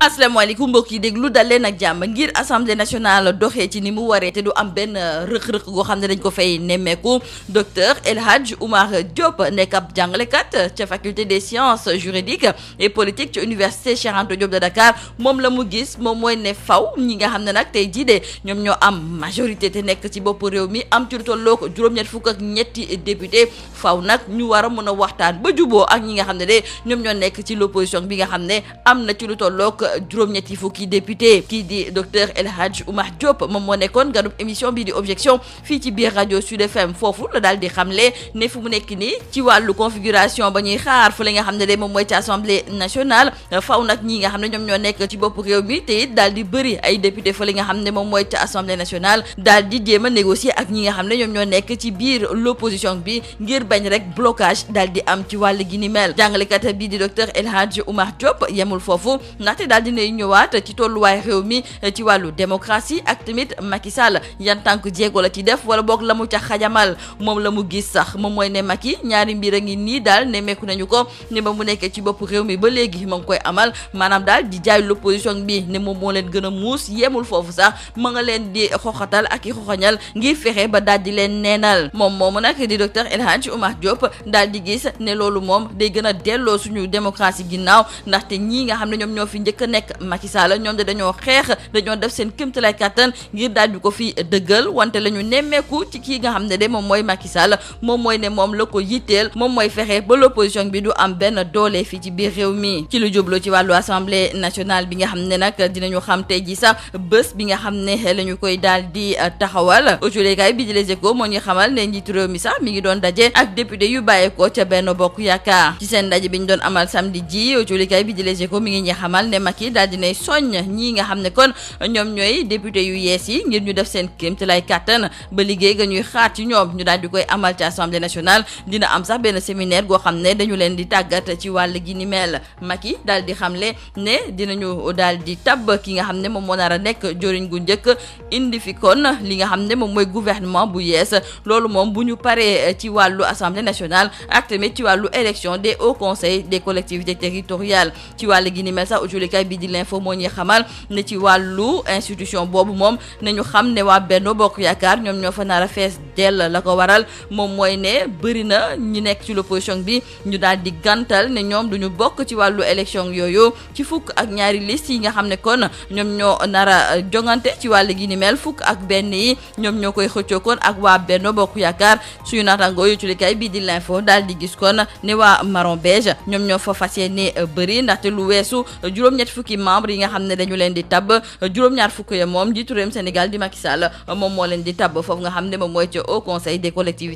asalaamaaleykum mbokk yi déglu dal leen ak jàmm ngir assemblée nationale doxe ci ni mu waree te du am benn rëq-rëq goo xam ne dañ ko fay nemmeeku docteur El Hadj Oumar Diop nekk ab jàngalekat ca faculté des sciences juridiques et politiques ci université Cheikh Anta Diop de Dakar moom la mu gis moom mooy ne faw ñi nga xam ne nag tey jii de ñoom ñoo am majorité te nekk ci bopp réew mi am ci lu tollook juróom-ñett fukk ak ñetti député faw nag ñu war a mën a waxtaan ba juboo ak ñi nga xam ne de ñoom ñoo nekk ci l'opposition bi nga xam ne am na ci lu ak juróom-ñetti fukki député kii di docteur El Hadj Oumar moom moo nekkoon ganub émission bi di objection fii ci biir rajo Sud FM foofu la daal di xamle ne fu mu nekk nii ci wàllu configuration ba ñuy xaar fu la nga xam ne de moom mooy ci assemblée nationale faw nag ñi nga xam ne ñoom ñoo nekk ci bopp réew mi te it daal di bëri ay député fa li nga xam ne moom mooy ci assemblée nationale daal di jéem a négocier ak ñi nga xam ne ñoom ñoo nekk ci biir l'opposition bi ngir bañ rek blocage daal di am ci wàll gi ni mel jàngalekat bi di docteur El Hadj Oumar Diop yemul foofu ndaxte daal dinay ñëwaat ci tolluwaay réew mi ci wàllu démocratie ak tamit Macky Sall yan tànk jéego la ci def wala boog la mu ca xajamal moom la mu gis sax moom mooy ne Macky ñaari mbir a ngi nii daal ne mekku nañu ko ne ba mu nekkee ci boppu réew mi ba léegi ma ngi koy amal maanaam daal di jaay l'opposition bi ne moom moo leen gën a muus yemul foofu sax ma nga leen di xoxatal ak i xoxañal ngir fexe ba daal di leen neenal moom moomu nag di docteur El Hadj Oumar Diop daal di gis ne loolu moom day gën a delloo suñu démocratie ginnaaw nekk Macky Sall ñoom de dañoo xeex dañoo def seen kéemtalaay kattan ngir daal di ko fi dëggal wante la ñu nemmeeku ci kii nga xam ne de moom mooy Macky Sall moom mooy ne moom la ko yitteel moom mooy fexe ba l'opposition bi du am benn doole fii ci biir réew mi ci lu jublu ci wàllu assemblée nationale bi nga xam ne nag dinañu xam tey ji sax bés bi nga xam ne la ñu koy daal di taxawal autolekaay bi di Les Échos moo ñu xamal ne njiitu réew mi sax mi ngi doon daje ak député yu bàyyeekoo ca benn bokk yaakaar ci seen daje bi ñu doon amal samedi Macky daal dinay soññ ñii nga xam ne kon ñoom ñooy député yu yees yi ngir ñu def seen kéemtalaay kàttan ba liggéey ga ñuy xaat ci ñoom ñu daal di koy amal ci assemblée nationale dina am sax benn séminaire goo xam ne dañu leen di tàggat ci wàll gi ni mel Macky daal di xamle ne dinañu daal di tabb ki nga xam ne moom moo nar a nekk joriñ gu njëkk indi fi kon li nga xam ne moom mooy gouvernement bu yees loolu moom bu ñu paree ci wàllu assemblée nationale ak tamit ci wàllu élection de hauts conseils de collectivités territoriales bi di l'info moo ñuy xamal ne ci wàllu institution boobu moom nañu xam ne waa benn Bokk Yaakaar ñoom ñoo fa nar a fees dell la ko waral moom mooy ne bëri na ñi nekk ci l'opposition bi ñu daal di gantal ne ñoom duñu bokk ci wàllu élection yooyu ci fukk ak ñaari liste yi nga xam ne kon ñoom ñoo nar a jongante ci wàll gi ni mel fukk ak benn yi ñoom ñoo koy xëccoo ak waa benn Bokk Yaakaar suñu naataangoo yu culikay bii di l'info daal di gis kon ne waa marron beige ñoom ñoo fa fas yéene bëri lu fukki membre yi nga xam ne dañu leen di tab juróom-ñaar fukk ya moom njiitu réewum Sénégal di Macky Sall moom moo leen di tab foofu nga xam ne moom mooy ci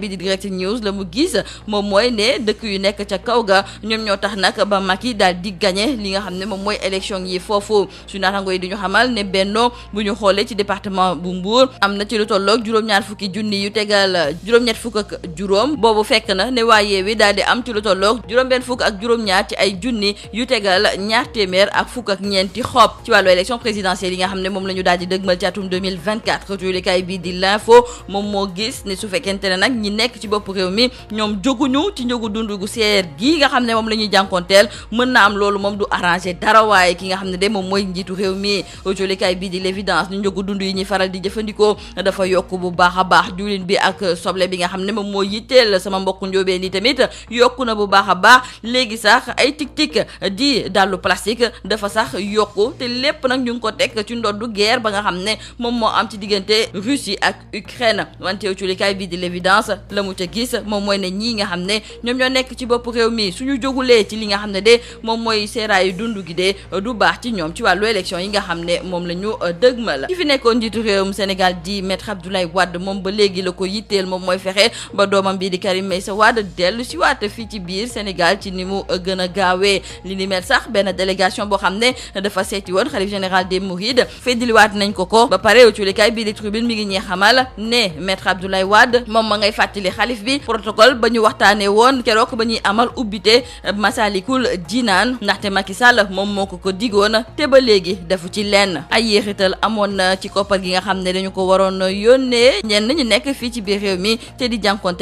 bi di direct news la mu gis moom mooy ne dëkk yu nekk ca kaw ga ñoom ñoo tax nag ba Macky daal di gagné li nga xam ne moom mooy élection yi foofu su naatango yi di ñu xamal ne bennoo bu ñu xoolee ci département bu Mbour am na ci lu tolloog juróom-ñaar fukki junni yu tegal juróom-ñett fukk ak juróom boobu fekk na ne waa Yewwi daal di am ci lu tolloog juróom-benn fukk ak juróom-ñaar ci ay junni yu tegal ñaar téeméer ak fukk ak ñeenti xob ci wàllu élection présidentielle yi nga xam ne moom la ñu daal di dëgmal ci atum 2024 jullikaay bii di l'info nekk ci bopp réew mi ñoom jóguñu ci dund gu seer gi nga xam ne moom la ñuy jànkonteel mën na am loolu moom du arrangé dara waaye ki nga xam ne de moom mooy njiitu réew mi jullikaay bii di l'évidence ñu njëgu dund yi ñuy faral di jëfandikoo dafa yokk bu baax a baax diwlin bi ak soble bi nga xam ne moom mooy moo yitteel sama mbokku njóobeen yi tamit yokku na bu baax a baax léegi sax ay tik-tik di dàllu plastique dafa sax yokku te lépp nag ñu ngi ko teg ci du geer ba nga xam ne moom moo am ci diggante Russie ak Ukraine wante culikaay bi di l'évidence la mu ca gis moom mooy ne ñii nga xam ne ñoom ñoo nekk ci bopp réew mi suñu jógulee ci li nga xam ne de moom mooy seeraayu dund gi de du baax ci ñoom ci wàllu élection yi nga xam ne moom la ñu euh, dëgmal ki fi nekkoon njiitu réewum Sénégal di maître Abdoulaye Wade moom ba léegi la ko yitteel mooy fexe doomam bii di Karim Meïssa Wade dellu si waat fii ci biir Sénégal ci ni mu gën a gaawee li ni mel sax benn délégation boo xam ne dafa seeti woon xalif général des Mourides feddiliwaat nañ ko ko ba pare cuulikaay bii di tribune mi ngi ñee xamal ne maître Abdoulaye Wade moom ma ngay fàttali xalif bi protocole ba ñu waxtaanee woon keroog ba ñuy amal ubbite Masalikul Jinaan ndaxte Macky Sall moom moo ko ko digoon te ba léegi defu ci lenn ay yéexital amoon na ci koppar gi nga xam ne dañu ko waroon yónnee ñenn ñu nekk fii ci biir réew mi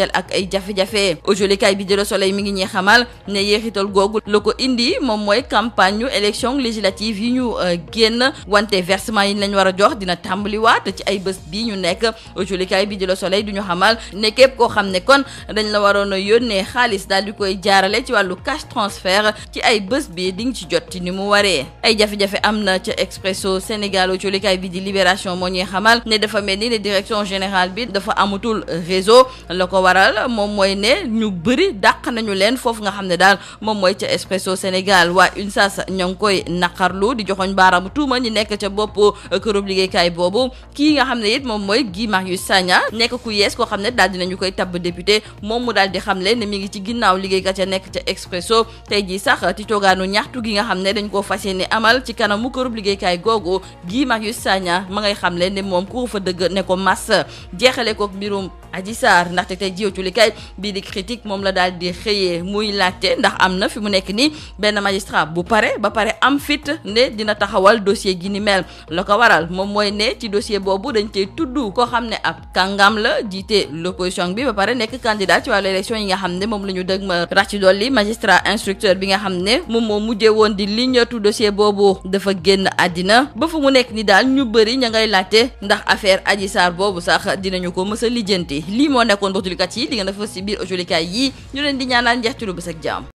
jànkonteel ak ay jafe-jafe aujolikaay bi di Le Soleil mu ngi ñuy xamal ne yéexital googu la ko indi moom mooy campagne ñu élection législative yi ñu euh, génn wante versement yi lañ war a jox dina tàmbaliwaat ci ay bés bii ñu nekk aujolikaay bi di Le Soleil du ñu xamal ne képp koo xam ne kon dañ la waroon a yónnee xaalis daal di koy jaarale ci wàllu cash transfert ci ay bës bi di nga ci jot ci ni mu waree ay jafe-jafe am na ca Expresso Sénégal aujolikaay bi di Libération moo ñuy xamal ne dafa mel ni direction générale bi dafa amatul waral moom mooy ne ñu bëri dàq nañu leen foofu nga xam ne daal moom mooy ca Expresso Sénégal waa UNSAS ñoo ngi koy naqarlu di joxoñ baaraamu tuuma ñu nekk ca bopp kërub liggéeykaay boobu kii nga xam ne it moom mooy Guy Marius Sagna nekk ku yees koo xam ne daal dinañu koy tabb député moom mu daal xam le ne mi ngi ci ginnaaw liggéeykat ya nekk ca Expresso tey jii sax ci toogaanu ñaxtu gi nga xam ne dañ koo fas yéene amal ci kanamu kërub liggéeykaay googu Guy Marius Sagna ma ngay xam le ne moom ku fa dëgg ne ko mas jeexale ko mbirum Adji Sarr ndaxte tey yëwculikaay bii di critique moom la daal di xëyee muy laajte ndax am na fi mu nekk nii benn magistrat bu pare ba pare am fit ne dina taxawal dossier gi ni mel la ko waral moom mooy ne ci dossier boobu dañ cey tudd koo xam ne ab kàngam la jiite l'opposition bi ba pare nekk candidat ci wàllu élection yi nga xam ne moom la ñu dëg ma rax ci dolli magistrat instructeur bi nga xam ne moom moo mujjee woon di liñatu dossier boobu dafa génn àddina ba fu mu nekk ni daal ñu bëri ña ngay laajte ndax affaire Adji Sarr boobu sax dinañu ko mës a yi li ngeen dafa si biir aujolikaay yii ñu leen di ñaanal njeextalu bés ak jàmm